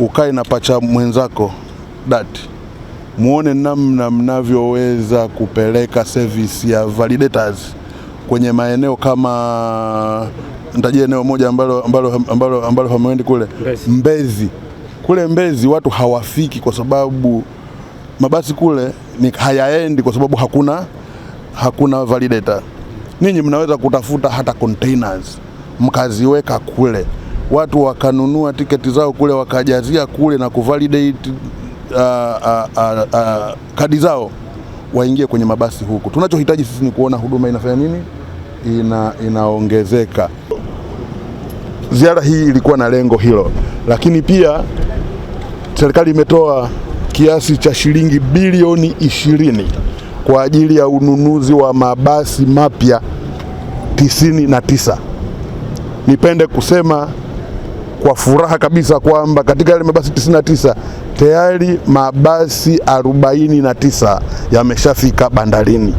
ukae na pacha mwenzako dati muone namna mnavyoweza kupeleka service ya validators kwenye maeneo kama nitajia eneo moja ambalo, ambalo, ambalo, ambalo hamwendi kule Mbezi. Mbezi kule Mbezi watu hawafiki kwa sababu mabasi kule ni hayaendi kwa sababu hakuna, hakuna validator. Ninyi mnaweza kutafuta hata containers mkaziweka kule watu wakanunua tiketi zao kule wakajazia kule na kuvalidate uh, uh, uh, uh, kadi zao waingie kwenye mabasi huku. Tunachohitaji sisi ni kuona huduma inafanya nini, ina inaongezeka. Ziara hii ilikuwa na lengo hilo, lakini pia serikali imetoa kiasi cha shilingi bilioni ishirini kwa ajili ya ununuzi wa mabasi mapya tisini na tisa. Nipende kusema kwa furaha kabisa kwamba katika yale mabasi 99 tayari mabasi 49 yameshafika bandarini.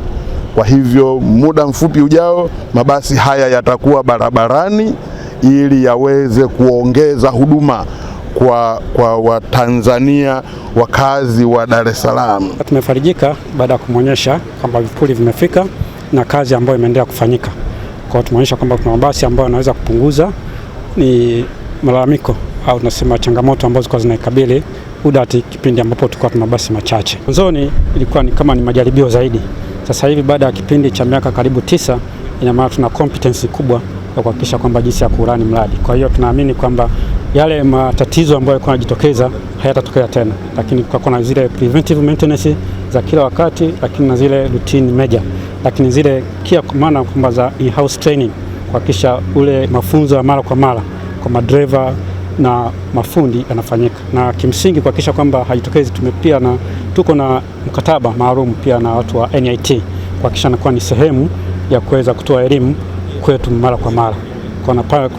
Kwa hivyo muda mfupi ujao mabasi haya yatakuwa barabarani ili yaweze kuongeza huduma kwa, kwa Watanzania wakazi wa Dar es Salaam. Tumefarijika baada ya kumwonyesha kwamba vipuri vimefika na kazi ambayo imeendelea kufanyika. Kwa tumeonyesha kwamba kuna mabasi ambayo yanaweza kupunguza ni malalamiko au tunasema changamoto ambazo zilikuwa zinaikabili UDART kipindi ambapo tulikuwa tuna basi machache. Mwanzoni ilikuwa ni kama ni majaribio zaidi. Sasa hivi baada ya kipindi cha miaka karibu tisa, ina maana tuna competence kubwa ya kuhakikisha kwamba jinsi ya kurani mradi. Kwa hiyo tunaamini kwamba yale matatizo ambayo yalikuwa yanajitokeza hayatatokea tena, lakini tutakuwa na zile preventive maintenance za kila wakati, lakini na zile routine major, lakini zile kia maana kwamba za in-house training kuhakikisha ule mafunzo ya mara kwa mara kwa madereva na mafundi yanafanyika na kimsingi kuhakikisha kwamba hajitokezi. Tumepia na tuko na mkataba maalum pia na watu wa NIT kuhakikisha anakuwa ni sehemu ya kuweza kutoa elimu kwetu mara kwa mara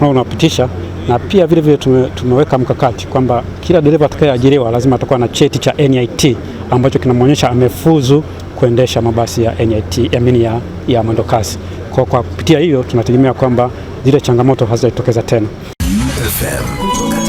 unapitisha na pia vile vile tume, tumeweka mkakati kwamba kila dereva atakayeajiriwa lazima atakuwa na cheti cha NIT ambacho kinamwonyesha amefuzu kuendesha mabasi ya NIT, ya, ya mwendokasi. Kwa, kwa kupitia hiyo tunategemea kwamba zile changamoto hazijatokeza tena FM.